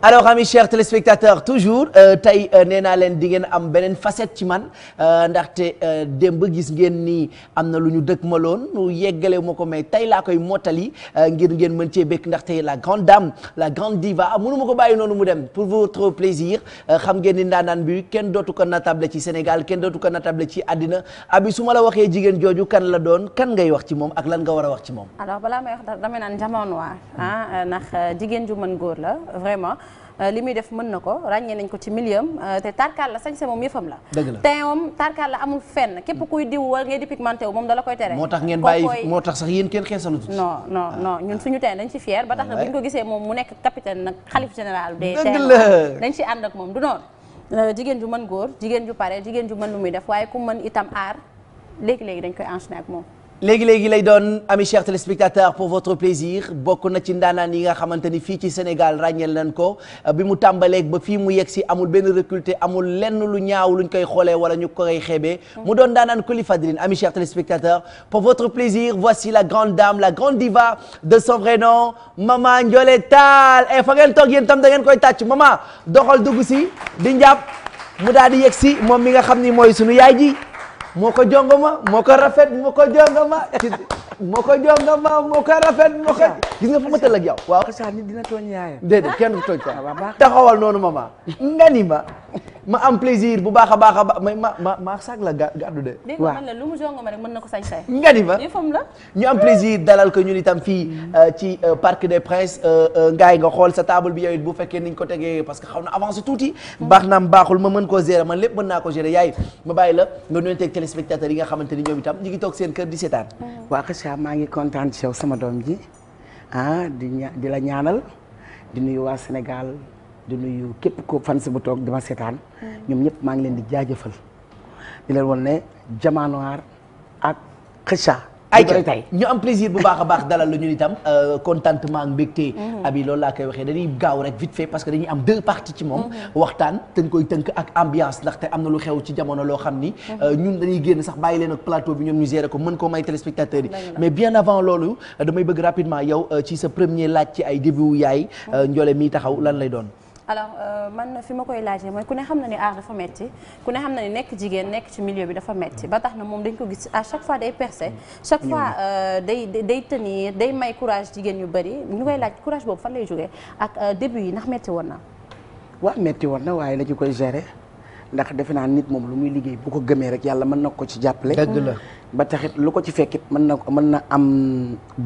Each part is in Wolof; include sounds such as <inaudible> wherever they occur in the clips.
alors amis chers téléspectateurs toujours euh, tey euh, nee naa leen di ngeen am beneen facette ci man euh, ndaxte démb gis ngeen ni am na lu ñu dëkk ma loon nu yeggale ma ko mais tey laa koy mottali ngir ngeen mën cee békk ndaxte la grande dame la grande diva mënu ma ko bàyyi noonu mu dem pour votre plaisir xam ngeen ni ndaanaan bi kenn dootu ko natable ci Sénégal kenn dootu ko natable ci àddina abi su ma la waxee jigéen jooju kan la doon kan ngay wax ci moom ak lan nga war a wax ci moom. alors balaa may wax dama naan jamono ah, ah jigéen ju mën góor la vraiment. Euh, li muy def mën na ko ràññee nañ ko ci milieu am euh, te tarkaal la sa moom yëfam la teewam tarkaal la amul fenn képp kuy diw wala ngay di pigmenté wu moom dala koy tere moo tax ngeen bàyyi moo tax sax yéen kenn xeesalu tuuti non non ah. suñu teen dañ ci fier ba tax na bu ñu ko gisee moom mu nekk capitaine nag xalif général des teen dañ ci ànd ak moom du noonu euh, jigéen ju mën góor jigéen ju pare jigéen ju mën lu muy def waaye ku mën itam aar léegi-léegi dañ koy enchaîner ak moom léegi-léegi lay doon ami chers téléspectateurs pour votre plaisir bokk na ci ndaanaan yi nga xamante ni fii ci Sénégal ràññeel nañ ko bi mu tàmbaleeg ba fii mu yegg si amul benn recruté amul lenn lu ñaaw lu ñu koy xoolee wala ñu koy xeebee mu doon daanaan Koli Fadrine ami chers téléspectateurs pour votre plaisir voici la grande dame la grande diva de son vrai nom Mama Ndiolé Tall e fa ngeen toog yéen tam da ngeen koy tàcc Mama doxal dugg si di njàpp mu daal di yegg si moom mi nga xam ni mooy sunu yaay moo ko ma moo ko rafet moo ko jongoma ma <laughs> ko jongoma moo ko rafet moo ko gis nga fa ma tëll ak yow waaw xasaa nit dina tooñ yaayam déedéet kenn du tooñ ko ah, taxawal noonu mama nga ni ma ma am plaisir bu baax a baax a baax ma ma ma ma sag la gàddu de waaw man la lu mu na ko sañ nga ni ma ñu am plaisir dalal ko ñun itam fii mm-hmm. euh, ci euh, Parc des Princes euh, ngaay nga xool sa table bi yow it bu fekkee niñ ko tegee parce que xaw na avancé tuuti mm-hmm. baax naam baaxul ma mën koo gérer man lépp mën naa ko gérer yaay ma bàyyi la nga téléspectateurs yi nga xamante ni ñoom itam ñu ngi toog seen kër di seetaan. Mm. waa Kheucha maa ngi kontaan ci yow sama doom ji ah di ña di la ñaanal di nuyu waa senegal di nuyu képp ko fans bu toog dama seetaan. Mm. ñoom ñëpp maa ngi leen di jaajëfal di leen won ne Diamanoir ak Kheucha. ay tey ñu am plaisir bu baax a baax dalal la ñu itam euh, contentement ak mbégte mhm. abi loolu laa koy waxee dañuy gaaw rek vite fait parce que dañuy am deux parties ci moom mhm. waxtaan tënk koy tënk ak ambiance ndaxte am na lu xew ci jamono loo xam ni mhm. euh, ñun dañuy génn sax bàyyi leen ak plateau bi ñoom ñu gérer ko mën koo may téléspectateurs yi mais bien avant loolu euh, damay bëgg rapidement yow ci sa premier laaj ci ay début yaay njoole mii taxaw lan lay doon alors euh, man fi ma koy laajee mooy ku ne xam na ni aar dafa metti ku ne xam na ni nekk jigéen nekk ci milieu bi dafa metti ba tax na moom dañ ko gis à chaque fois day percer mm. chaque mm. fois euh, day day tenir day may courage jigéen ñu bëri ñu koy laaj courage boobu fan lay jógee ak euh, début yi ndax metti woon na waaw metti woon na waaye la ñu koy gérer ndax defe naa nit moom lu muy liggéey bu ko gëmee rek yàlla mën na ko ci jàppale. dëgg la ba taxit lu ko ci fekkit mën na mën na am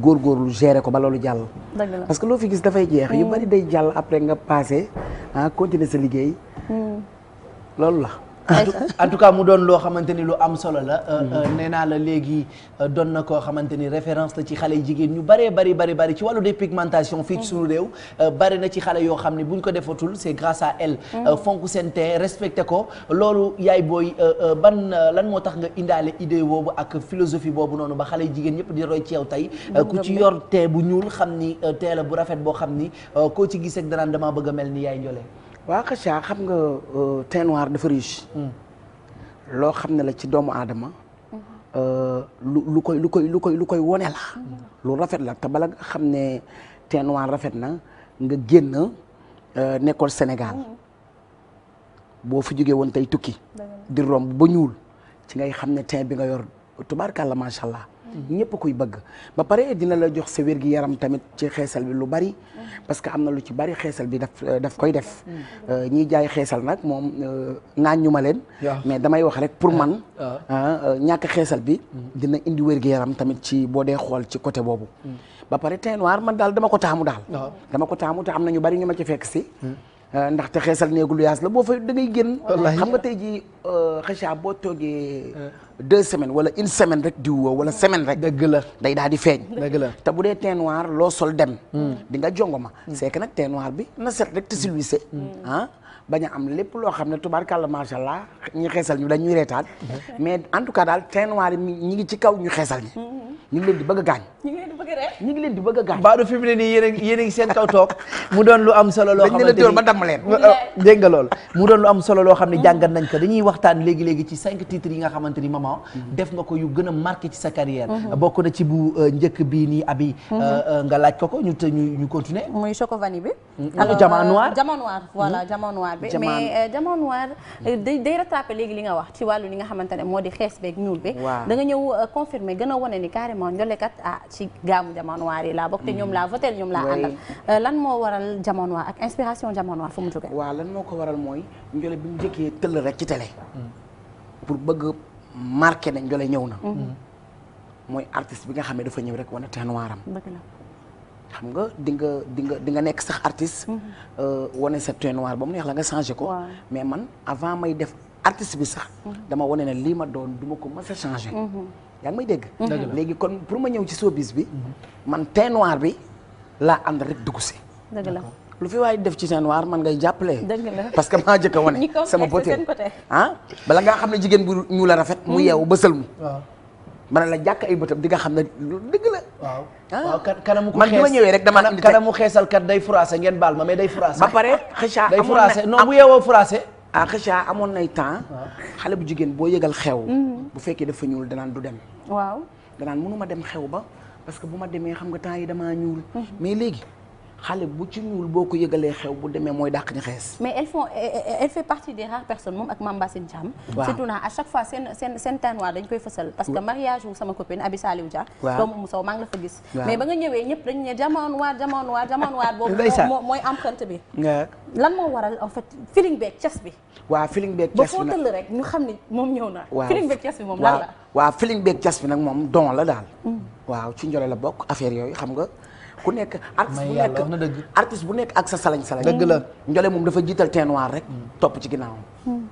góorgóorlu gérer ko ba loolu jàll. dëgg la parce que loo fi gis dafay jeex. yu mm. bari day jàll après nga paase ah continuer sa liggéey. Mm. loolu la. en tout cas mu doon loo xamante ni lu am solo la. Euh, mm-hmm. euh, nee naa la léegi euh, doon na koo xamante ni référence la ci xale jigéen ñu baree bari bari bari ci wàllu dépigmentation. fii ci mm-hmm. suñu réew. bari na ci xale yoo xam ne buñ ko defatul c'est grâce à elle. Mm-hmm. fonk seen tee respecté ko loolu yaay booy ban lan moo tax nga indaale idée boobu ak philosophie boobu noonu ba xale jigéen ñëpp di roy ci yow tey. ku ci yor tee bu ñuul xam ni tee bu rafet boo xam ni koo ci gis ak danaan mel ni yaay Ndiolé. waa Kheucha xam nga euh, teint noir dafa riche. Hmm. loo xam ne la ci doomu aadama. Euh, lu lu koy lu koy lu koy lu koy wone la. Hmm. lu rafet la te bala nga xam ne teint noir rafet na nga génn euh, nekkoon Sénégal hmm. boo fu jógee woon tey tukki. di romb ba ñuul ci ngay xam ne teint bi nga yor tubaarkàlla macha allah. ñëpp koy bëgg ba pare dina la jox sa wér gi yaram tamit ci xeesal bi lu bari parce que am na lu ci bari xeesal bi daf euh, daf koy def euh, ñiy jaay xeesal nag moom euh, naan ñuma ma leen mais damay wax rek pour man ah, ñàkk xeesal bi dina indi wér gi yaram tamit ci boo dee xool ci côté boobu mm. ba pare teint waar man daal dama ko taamu daal dama ko taamu te am na ñu bari ñu ci fekk si mm. Euh, ndaxte xeesal néegu lu yaas la boo fay da ngay génn xam nga tey ji xëcca euh, boo toogee euh. deux semaines wala une semaine rek diw woo wala semaine rek da la day di feeñ dëgg la te bu dee teint noir loo sol dem hmm. di nga jongo ma hmm. c'est que nag teint noir bi na set rek te silwise hmm. ah bañ am lépp loo xam ne tubaarkàlla macha allah ñi xeesal ñu dañuy reetaan mais en tout cas daal teint noir yi ñi ngi ci kaw ñu xeesal ñi ñu ngi leen di bëgg a gaañ ñu ngi leen di bëgg a gaañ baadu fi mu ne nii yéen a ngi seen kaw toog mu doon lu am solo loo xamante ni ba damm leen <laughs> dégg nga loolu mu doon lu am solo loo xam ne jàngat nañ ko dañuy waxtaan léegi léegi ci cinq titres yi nga xamante ni mhm. def nga ko yu gën a marqué ci sa carrière mhm. bokk na ci bu euh, njëkk bii nii abi euh, mhm. euh, nga laaj ko ko ñu continuer muy Chocovani bi jaman noir jaman noir day rattrapé léegi li nga wax ci wàllu li nga xamante ne moo di xees beeg ñuul bi da nga ñëw confirmer gën a wane ni carrément njollekat ah ci gàmmu jamono la yi laa bokk. te ñoom mm-hmm. laa voté ñoom laa àndal. Euh, lan moo waral jamono waar ak inspiration jamono waar fu mu jógee. waaw lan moo ko waral mooy Ndiolé bi mu njëkkee tëll rek ci télé. Mm-hmm. pour bëgg marqué ne Ndiolé ñëw na. Mm-hmm. mooy artiste bi nga xam ne dafa ñëw rek wane teint noiram. dëgg xam nga dinga nga di nekk sax artiste. Euh, wane sa teint noir ba mu neex la nga changé ko. mais man avant may def artiste bi sax. dama wane ne lii ma doon du ko mës a changé. yaa ngi may dégg. Mm-hmm. léegi kon pour ma ñëw ci showbiz bi. Mm-hmm. man teint noir bi laa ànd rek dugg si. dëgg la lu fi waay def ci teint noir man ngay jàppale. dëgg parce que maa njëkk a wane. <laughs> sama beauté ah bala ngaa xam ne jigéen bu ñu la rafet. mu mm-hmm. yeewu bësal mu. man la jàkk ay bëtam di nga xam ne lu dëgg la. waaw ah. waaw kanamu ma ñëwee rek damaa indi kanamu xeesal kat day froissé ngeen ma mais day froissé. ba pare xëcc amul na day froissé bu yeewoo froissé. ah xëcca amoon nay temps. xale bu jigéen boo yëgal xew. Mhm. bu fekkee dafa ñuul danaan du dem. waaw danaan mënuma dem xew ba parce que bu ma demee xam nga temps yi damaa ñuul. Mhm. mais léegi. xale bu ci ñuul boo ko yëgalee xew bu demee mooy dàq ñu xees. mais elles font elle partie des rares personnes moom ak Mame Bassine Thiam. waaw surtout naa à chaque fois seen seen seen tanwaa dañ koy fësal. parce que mariage wu sama copine Abi Saliou Dia. waaw doomu Oumou Sow maa ngi la ne jamono waar jamono waar jamono lan moo waral en fait feeling beeg bi. waaw feeling beeg cas bi nag ba foo tëll rek ñu xam ni moom ñëw na. waaw feeling beeg moom lan la. waaw feeling beeg cas bi nag moom don la daal. Mm. waaw ci njole la bokk affaire yooyu xam nga ku nekk artiste bu nekk artiste bu nekk ak sa salañ salañ dëgg la njole moom dafa jiital teint rek mm. topp ci ginnaawam mm.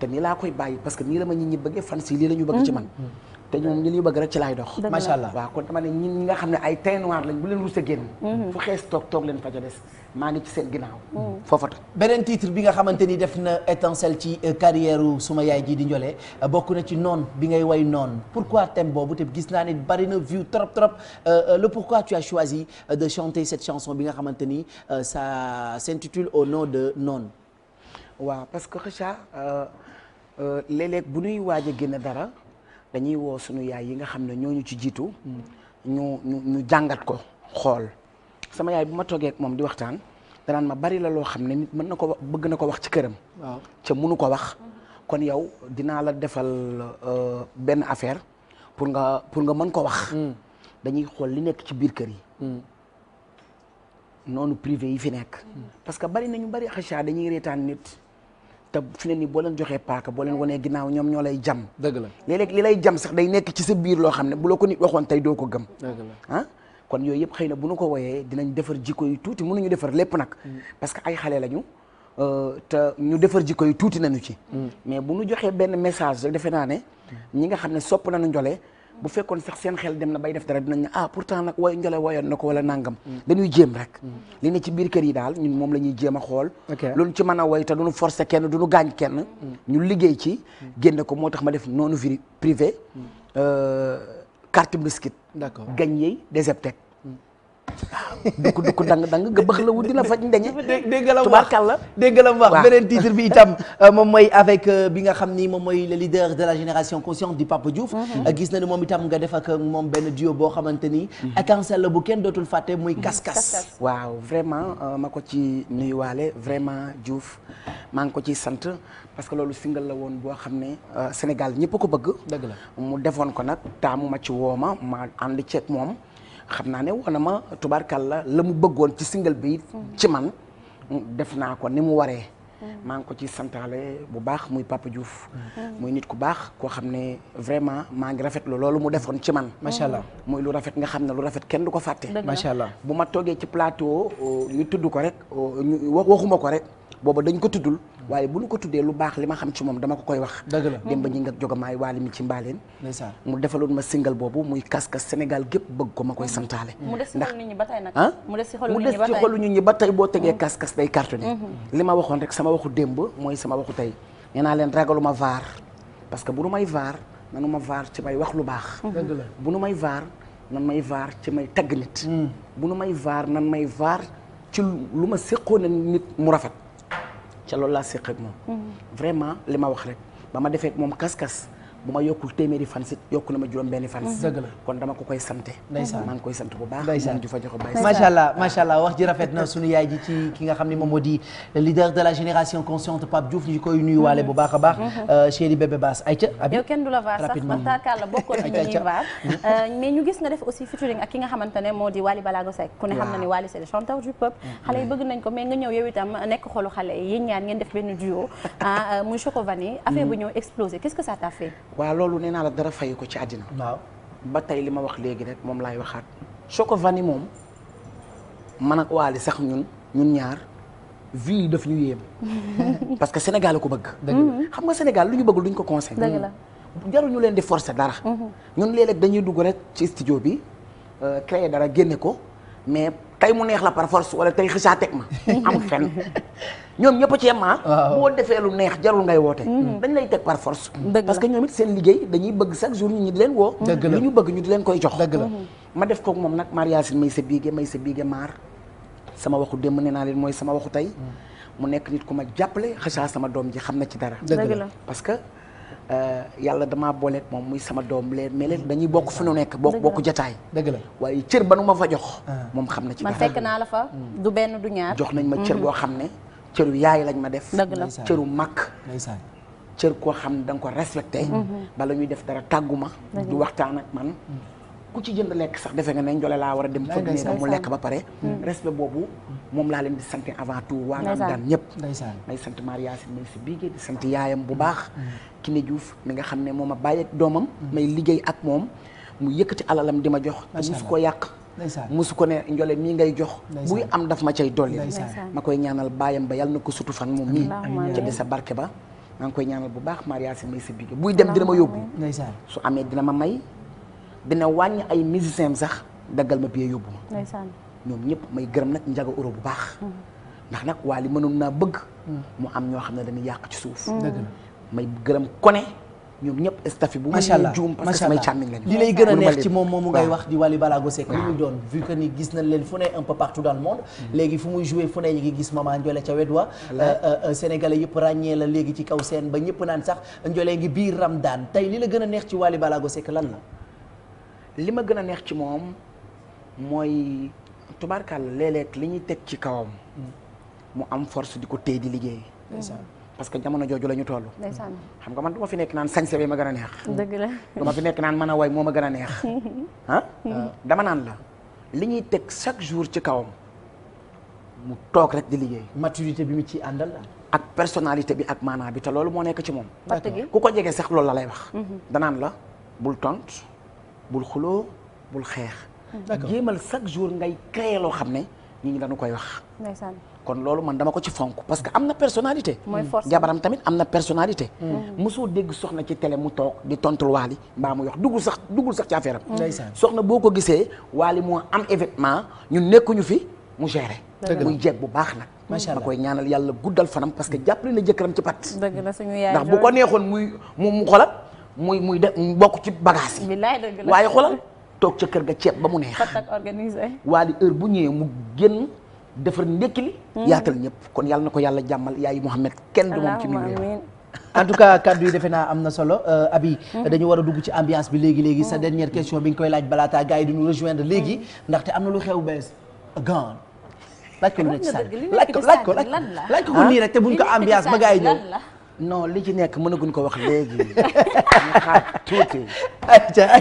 te nii laa koy bàyyi parce que nii la ma nit ñi bëggee fan si lii la ñu bëgg ci mm. te ñoom ñi li bëgg rek ci laay dox macha allah waaw kon dama ne ñi nga xam ne ay teint noir lañ bu leen rus a génn mm-hmm. fu xees toog toog leen fa ca des maa ngi ci seen ginnaaw mm-hmm. foofa toog beneen titre bi nga xamante ni def na étincelle ci euh, carrière suma yaay ji di njolee euh, bokk na ci noon bi ngay way noon pourquoi thème boobu te gis naa ne bari na view trop trop euh, le pourquoi tu as choisi de chanter cette chanson bi nga xamante ni ça s'intitule au nom de noon waaw parce que Kheucha léeg bu ñuy waaj a dara dañuy woo suñu yaay yi nga xam ne ñooñu ci jiitu ñu ñu ñu jàngat ko xool sama yaay bu ma toogee moom di waxtaan danaan ma bari la loo xam ne nit mën na ko bëgg na ko wax ci këram waaw ca mënu ko wax kon yow dinaa la defal euh, benn affaire pour nga pour nga mën ko wax hmm. dañuy xool li nekk ci biir kër yi hmm. noonu privé yi fi nekk hmm. parce que bari nañu bari xachaa dañuy reetaan nit te fi ne nii boo leen joxee paaka boo leen wanee ginnaaw ñoom ñoo lay jam dëgg la léeg li lay jam sax day nekk ci sa biir loo xam ne bu la ko nit waxoon tey doo ko gëm ah kon yooyu yëpp xëy na bu nu ko woyee dinañ defar jikko yu tuuti mënuñu defar lépp nag mm. parce que ay xale lañu euh, te ñu defar jikko yu tuuti nañu ci mm. mais bu nu joxee benn message rek defe naa ne mm. ñi nga xam ne sopp nañu jole bu fekkoon sax seen xel dem na bay def dara dinañ ne ah pourtant nag way njole wayoon na ko wala nangam mm. dañuy jéem rek mm. li ne ci biir kër yi daal ñun moom la ñuy jéem a xool loolu ci mën a woy te duñu forcé kenn duñu gaañ kenn mm. ñu liggéey ci génn ko moo tax ma def noonu privé euh, carte biscuit d'accord gagné des Eptec dugg dugg dang dang nga bëx la wut di la faj ndeñe <laughs> dégg la wax dégg la wax beneen titre bi itam <laughs> euh, moom mooy avec euh, bi nga xam ni moom mooy le leader de la génération consciente du Papa Diouf mhm. euh, gis na ni moom itam nga def ak moom benn duo boo xamante ni mhm. étincelle la bu kenn dootul fàtte muy mhm. kas-kas waaw vraiment ma ko ci waale vraiment Diouf maa ngi ko ciy sant parce que loolu single la woon boo xam ne Sénégal ñëpp ko bëgg dëgg la mu defoon ko nag taamu ma ci wooma ma ànd ceeg moom xam naa ne woon na ma tubaarkàlla la mu bëggoon ci single bi ci man def naa ko ni mu waree. maa ngi ko ci santaale bu baax muy Papa Diouf. muy nit ku baax koo xam ne vraiment maa ngi rafetlu loolu mu defoon ci man. macha allah muy lu rafet nga xam ne lu rafet kenn du ko fàtte. macha allah bu ma toogee ci plateau ñu euh, tudd ko rek euh, ñu waxuma ko rek booba dañ ko tuddul. waaye bu ñu ko tuddee lu baax li ma xam ci moom dama ko koy wax Demba Ñing ak Jogamaay Waali mi ci mbaaleen mu defaloon ma single boobu muy kaskas Sénégal gépp bëgg ko ma koy santaale ndax ah mu des ci xolu ñu ñi ba tey boo tegee mm-hmm. kaskas day cartonné mm-hmm. li ma waxoon rek sama waxu démb mooy sama waxu tey nee naa leen ragaluma vaar parce que bu nu may vaar nanu ma vaar ci may wax lu baax mm-hmm. bu nu may vaar nan may vaar ci may tagg nit mm. bu nu may vaar nan may vaar ci lu ma séqoon nit mu rafet ca loolu laa séq ak moom. Mm-hmm. vraiment li ma wax rek ba ma defee ak moom kas-kas bu ma yokkul téeméeri fan si yokk na ma juróom benni fan si dëgg la kon dama ko koy sante maa ngi koy sant bu baax ndeysaan di fa joxe bàyyi macha allah wax ji rafet na sunu yaay ji ci ki nga xam ne moom moo di leader de la génération consciente Pape Diouf ñu koy nuyu waale bu baax a baax mhm. euh, chéri bébé Bass yow kenn du la vaar sax man taakaarla bokkoon a ñuy vaar mhm. euh, mais ñu gis nga def aussi featuring ak ki nga xamante ne moo di Wally Balago Seck ku ne xam na ne Wally c'est le chanteur du peuple mhm. xale yi bëgg nañ ko mais nga <laughs> waaw loolu nee naa la dara fayu ko ci àddina waaw ba tey li ma wax léegi rek moom laay waxaat Choco Vanny moom man ak Waly sax ñun ñun ñaar vie yi daf ñu yéem <laughs> parce que Sénégal ko bëgg xam nga Sénégal lu ñu bëggul duñ ko conseil dëgg la mm-hmm. jaruñu leen di forcer dara mm-hmm. ñun léeg-léeg dañuy dugg rek ci studio bi euh, créer dara génne ko mais tey mu neex la par force wala tey xëcaa teg ma <laughs> amul fenn <laughs> ñoom ñëpp ci yem ah. boo defee lu neex jarul ngay woote mm. Mm. dañ lay teg par force mm. parce que ñoom it seen liggéey dañuy bëgg chaque jour ñu ñi di leen woo li ñu ñu leen koy jox dëgg la mm-hmm. ma def kook moom nag mariage may sa biige may sa biige maar sama waxu démb nee naa leen mooy sama waxu tey mu nekk nit ku ma jàppale xasaa sama doom ji xam na ci dara dëgg la parce que euh, yàlla damaa booleeg moom muy sama doom leen mais leen dañuy bokk fi nu nekk bokk bokk jataay dëgg la waaye cër ba nu ma fa jox ah. moom xam na ci dara man fekk naa la fa du benn du ñaar jox nañ ma cër mm-hmm. boo xam ne cëru yaay lañ ma def cëru mag cër koo xam da nga ko respecté mhm. bala ñuy def dara tàgguma du waxtaan ak man ku ci jënd lekk sax defe nga ne njole laa war a dem fëgg ne mu lekk ba pare mhm. respect boobu moom laa leen di sant avant tout waa nga daan ñëpp may sant Maria Yacine may si biigee di sant yaayam bu mhm. baax ki Kiné Diouf mi nga xam ne moom ma bàyyi doomam may liggéey ak moom mu yëkkati alalam di ma jox te musu ko yàq musu ko ne njole mii ngay jox buy am dafa ma cay dolli ma koy ñaanal baayam ba yàlla na ko sutu fan moom mii ca di sa barke ba ma ngi koy ñaanal bu baax Maria si may sa bige buy dem dina ma yóbbu su amee dina ma may dina wàññi ay musiciens sax daggal ma biyee yóbbu ma ñoom ñëpp may gërëm nag njaga euro bu baax mm. ndax nag waa li mënoon naa bëgg mm. mu am ñoo xam ne dañuy yàq ci suuf mm. may gërëm kone ñoom ñëpp staff yi bu ma leen juum parce que samay lay gën a neex ci moom moomu ngay wax di Wally Balago Seck li ñu doon vu que ni gis nañ leen fu ne un partout dans le monde mm. léegi fu muy joué fu ne ñu ngi gis Mama Ndiolé ca wet wa euh, euh, euh, sénégalais yëpp ràññee la léegi ci kaw seen ba ñëpp naan sax Ndiolé ngi biir Ramdaan tey li la gën a neex ci Wally Balago Seck lan la li ma gën a neex ci moom mooy tubaarkàlla léeg li ñuy teg ci kawam mm. mu am force di ko téye di liggéey parce que jamono jooju la ñu toll. xam nga man du ma fi nekk naan sañse bi ma gën a neex. dëgg ma fi nekk naan mën a way moo ma gën a neex. <laughs> Ah? ah dama naan la li ñuy teg chaque jour ci kawam mu toog rek di liggéey. maturité bi mu ci àndal. ak personnalité bi ak maanaa bi te loolu moo nekk ci moom. ku ko jege sax loolu la lay wax. Mhm. danaan la bul tont bul xuloo bul xeex. jéemal chaque jour ngay créer loo xam ne ñi ñu dañu koy wax. kon loolu man dama ko ci fonk parce que am na personalité mooy mm. force jabaram tamit am na personnalité. Mm. Mm. mosoo dégg soxna ci télé mu toog di tontul waali mbaa mu yox duggul sax duggul sax ci affaire am. soxna boo ko gisee waali moo am événement ñun nekkuñu fi mu géré. muy jeeg bu baax nag. macha allah ma koy ñaanal yàlla guddal fanam parce que jàppale na jëkkëram ci pat. dëgg la suñu yaay ndax bu ko neexoon muy mu mu xoolal muy muy de bokk ci bagage yi. waaye xoolal toog ca kër ga ceeb ba mu neex. waali heure bu ñëwee mu génn. defar ndékki li hmm. yaatal ñëpp kon yàlla na ko yàlla jàmmal yaayu Mouhamed kenn du moom ci mi réew en tout cas kaddu yi defe naa am na solo euh, Abi hmm. dañu war a dugg ci ambiance bi léegi léegi sa hmm. dernière question bi nga koy laaj balaataa gars yi duñu rejoindre léegi ndaxte am na lu xew bees gaan laaj ko lu nekk laaj ko laaj ko laaj ko nii rek te buñ ko ambiance ba gars yi ñëw non li ci nekk mënaguñ ko wax léegi ñu <laughs> xaar <laughs> ay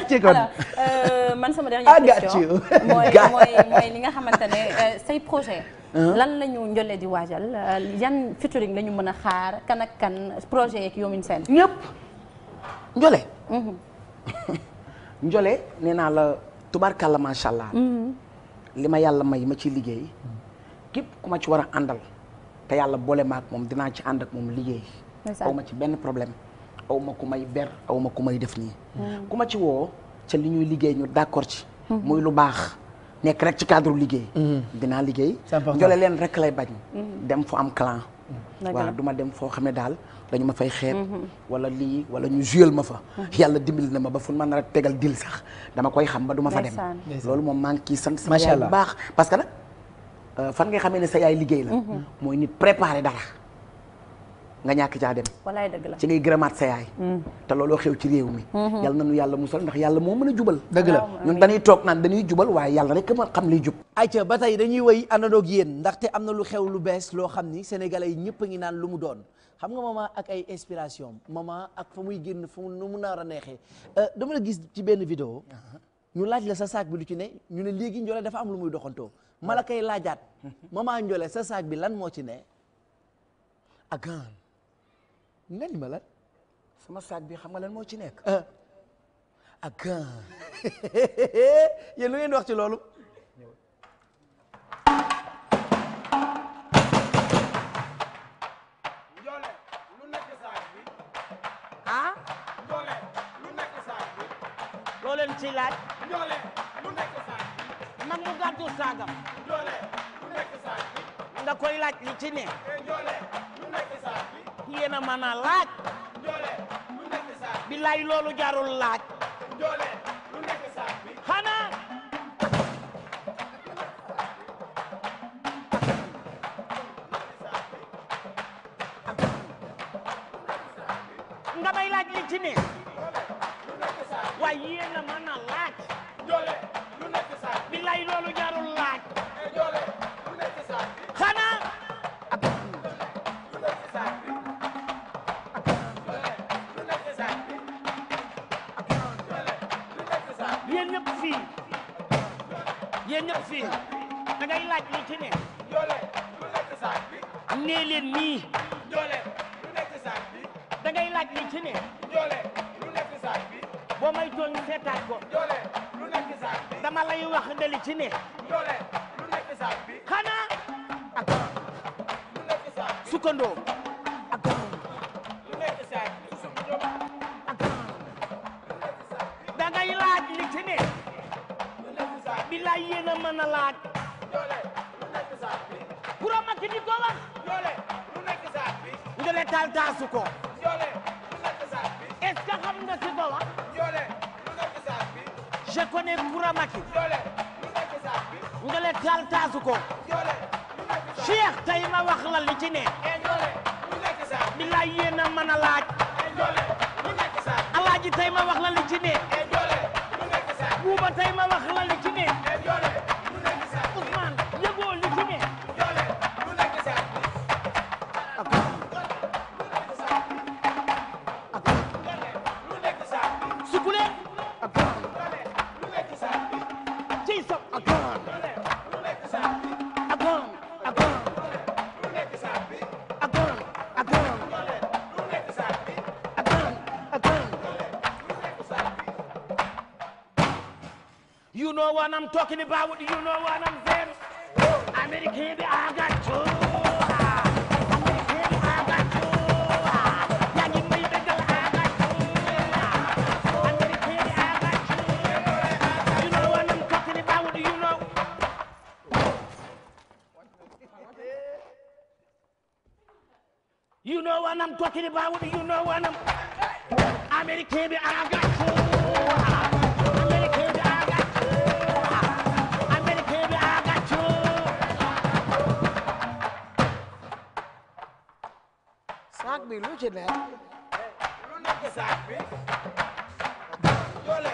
ca kon euh, man sama dernière question <laughs> mooy mooy mooy li nga xamante ne euh, say projet uh-huh. lan la ñu njëlee di waajal euh, yan featuring la mën a xaar kan ak kan projet yeeg yoomuñ seen ñëpp njole mm-hmm. <laughs> njole nee naa la tubarkàlla macha allah. Mm-hmm. li ma yàlla may ma ci liggéey képp ku ma ci war a àndal te yàlla boole ma moom dinaa ci ànd ak moom liggéey aw ma ci benn problème awma ma ku may ber aw ma ku may def nii mm. ku ci woo ca li ñuy liggéey ñu d'accord ci hmm. muy lu baax nekk rek ci cadre liggéey hmm. dinaa liggéey jole leen rek lay bañ hmm. dem fu am clan waaw duma dem foo xam ne daal dañu ma fay xeet wala lii wala ñu juyal ma fa yàlla dimbali na ma ba fu man a tegal dil sax dama koy xam ba duma fa dem loolu moom maa ngi kii sant sama yaay baax parce que euh, fan ngay xamee ne sa yaay liggéey la mooy nit préparé dara nga ñàkk caa dem walaay dëgg la ci ngay gërëmaat sa yaay mm. te looloo xew ci réew mi na mm-hmm. nañu yàlla musal ndax yàlla moo mën a jubal dëgg la ñun dañuy toog naan dañuy jubal waaye yàlla rek ma xam li jub ayca ba tey dañuy wëy àndandoog yéen ndaxte am na lu xew lu bees loo xam ni sénégalais yi ñëpp ngi naan lu mu doon xam nga maman ak ay inspiration maman ak fa muy génn fu nu mu nar a neexee euh, dama la gis ci benn vidéo uh-huh. ñu laaj la sa saak bi lu ci ne ñu ne léegi njole dafa am lu muy doxantoo mala kay laajaat <laughs> maman njole sa saak bi lan moo ci ne nga ni ma lan. sama sac bi xam nga lan moo ci nekk. ak ah. gan <laughs> yéen lu ngeen wax ci loolu. Ah? looleen ci laaj. Njoole lu nekk saag bi. man nga koy laaj li ci ne. Eh, yéen a mën a laaj. bi. billaay loolu jarul laaj. doole lu nga may laaj li fii da laaj li ci ne. doole lu nekk saak bi. nee leen nii. lu nekk saak bi. da laaj li ci ne. doole lu nekk saak bi. boo may tooñ seetaat ko. dama lay wax ne li ci ne. doole lu nekk saak bi. xanaa. ak gaa yéen a mën a laaj. Ndiolé lu nekk saak taal taasu ko. Ndiolé lu nekk saak bi. est-ce que taal taasu ko. Ndiolé lu ma wax la li ci ne. Ndiolé eh, lu nekk saak mën laaj. Eh, Alaaji tey ma wax la li ci ne. Eh, Buuba tey ma wax la li wonam tokni bawuɗo you know wonam zero américain ɓe aga coa américain ɓe aga coa yañimmayiɓe gal aga coa américain ɓe aga coa you know wonam tokni bawuɗo you know you know wonam tokni bawuɗo you know wonam américain ɓe aga coa bi lu ci nekk lu nekk saak bi doole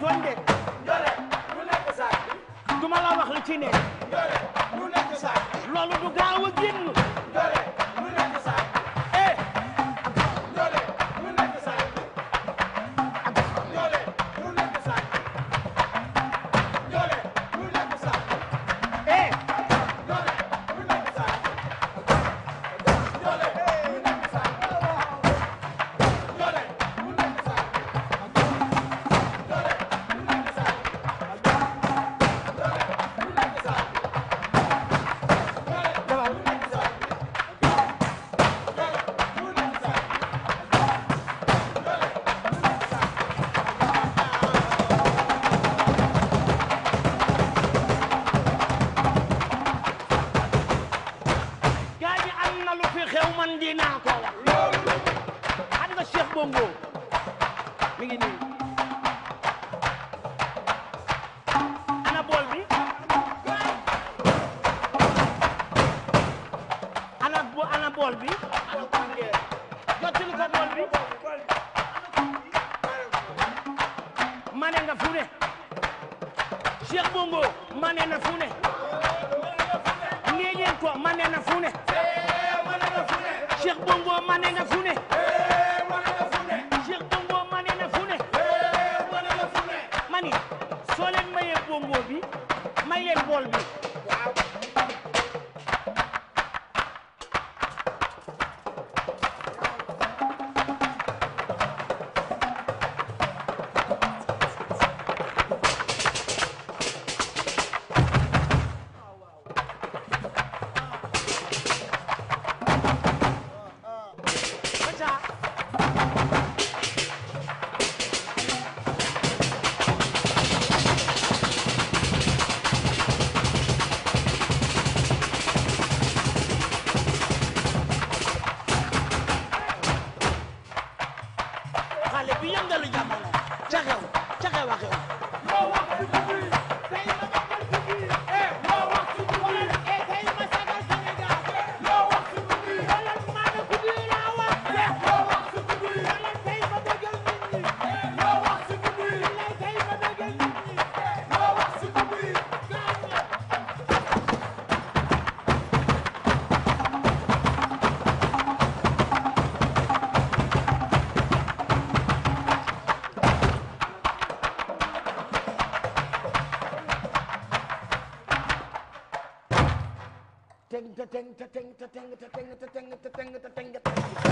tooñ de. yore lu nekk saak bi. du ma la wax li ci ne. yore lu nekk saak bi. loolu du gaaw a génn. lu fi xew man dinaa ko wax xam nga Cheikh Bongo mi ngi nii ana bool bi ana ana bool bi teteng teteng teteng teteng teteng teteng teteng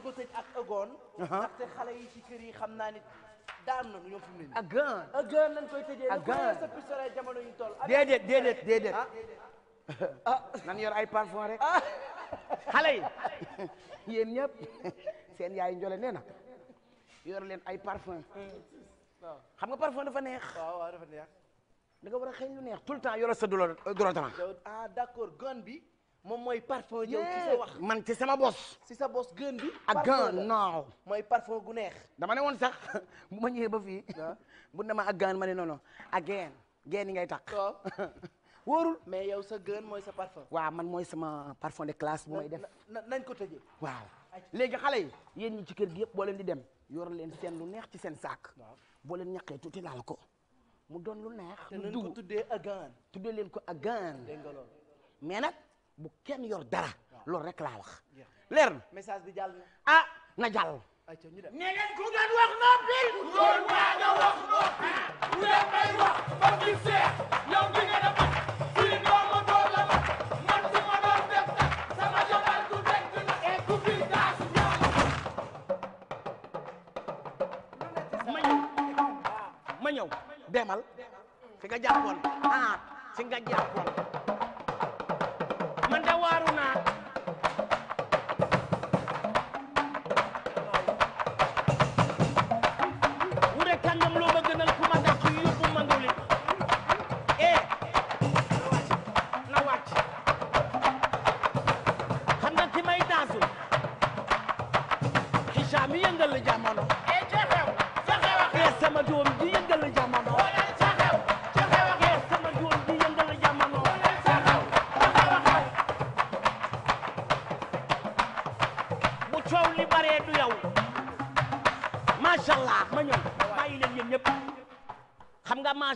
du ko tëj ak ëggoon. ndaxte xale yi ci kër yi xam naa ne nii. ak gan ak gan lañ koy tëjee. ak gan jamono ñu toll. déedéet déedéet déedéet. Ah. ah nan yor ay parfum rek. Ah. xale yi yéen ñëpp seen yaay njole nee na yor leen ay parfum. xam nga parfum dafa neex. waaw waaw dafa xëy lu neex tout le temps yoro sa dolo euh, dolo ah bi. moom mooy parfum yow ci wax man ci sama bos ci sa bos gën bi ak gaan non mooy parfum gu neex dama ne woon sax mu <laughs> ma ñëwee ba fii ah. <laughs> bu na ma ak gaan ma ne noonu ak geen geen yi ngay takk oh. <laughs> wóorul mais yow sa gën mooy sa parfum waa man mooy sama parfum de classe bu may def nañ ko tëjee waaw léegi xale yi yéen ñi ci kër gi yëpp boo leen di dem yor leen seen lu neex ci seen saak boo leen ñaqee tuuti laal ko mu doon lu neex mu dugg tuddee agaan tuddee leen ko agaan mais nag bu kenn yor dara loolu rek laa wax leer na message bi jàll na ah na jàll ne leen ku ngeen wax noppil loolu waa nga wax noppil bu leen may wax ba ki seex yow di nga def ma ñëw demal fi nga jàppoon ah fi nga jàppoon man da waaru naa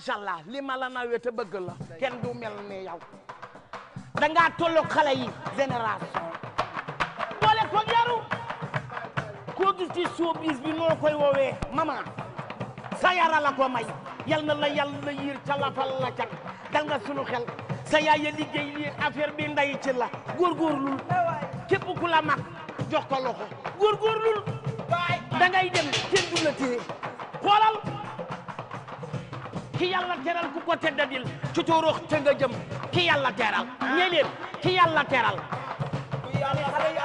macha allah li ma la nawee te bëgg la kenn du mel ni yow da ngaa tolloog xale yi génération boole koog yaru koo gis ci showbiz bi noo koy woowee mama sa yara la ko may yal na la yàlla yiir ca lafal la cat dal sunu xel sa yaay ya liggéey lii affaire bi nday ci la góorgóorlul képp ku la mag jox ko loxo góorgóorlul da ngay dem kenn du la téye xoolal ki yàlla teral ku ko teddadil ci tuurux te nga jëm ki yàlla teral ñe ki yàlla teral xale yi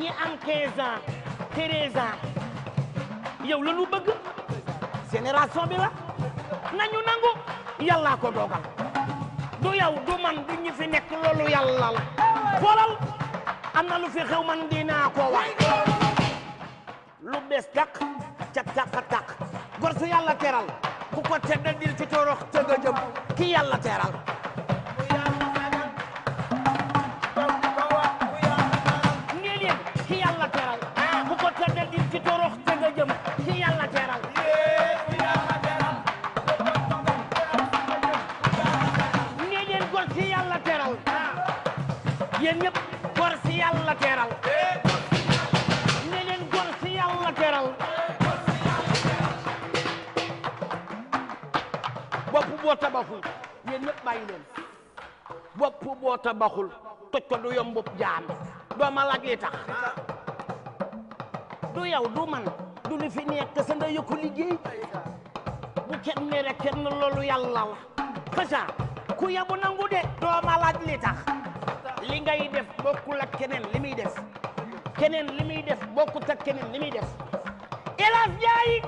ñi am 15 ans 13 ans bëgg génération bi la nañu nangu yàllaa ko dogal du yow du man du ñi fi nekk loolu yàlla la xoolal am lu fi xew man dinaa ko wax lu bees tàq ca tàq tàq gor su yàlla teral ku ko teddandil ci torox ca nga jëm ki yàlla teral yéen ñëpp gor si yàlla teral boo tabaxul yéen ñëpp bàyyi leen bopp boo tabaxul toj ko du yomb bopp jaami doo laaj li tax du yow du man du li fi nekk sa liggéey bu kenn mere kenn loolu yàlla la xësa ku yabu nangu de doo ma laaj li tax li ngay def bokkul ak keneen li muy def keneen li muy def bokkut ak keneen li muy def El Hadj Ndiaye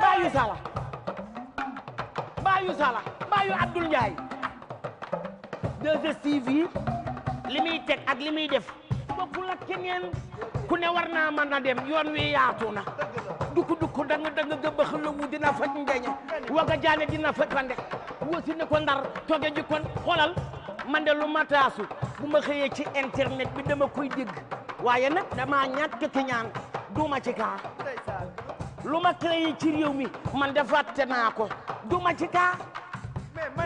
bàyyi sala baayu Sala baayu Abdoul Ndiaye 2STV li muy teg ak li muy def bokkul ak keneen ku ne war naa mën a dem yoon wi yaatu na dukk dukk dang dang gëbëx lëwu dina faj ngeeñe waga jaane na faj fande wasi ne ko ndar toge ji kon man de lu mataasu bu ma xëyee ci internet bi dama koy dégg waaye nag dama ñàkk ki ñaan duuma ci kaa lu ma créé ci réew mi man de fàtte naa ko du ma ci kaa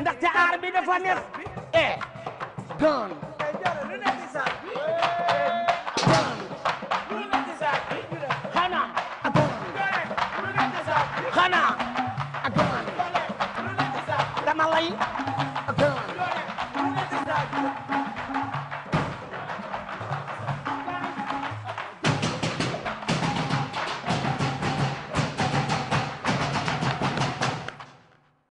ndaxte aar bi dafa neex eh gan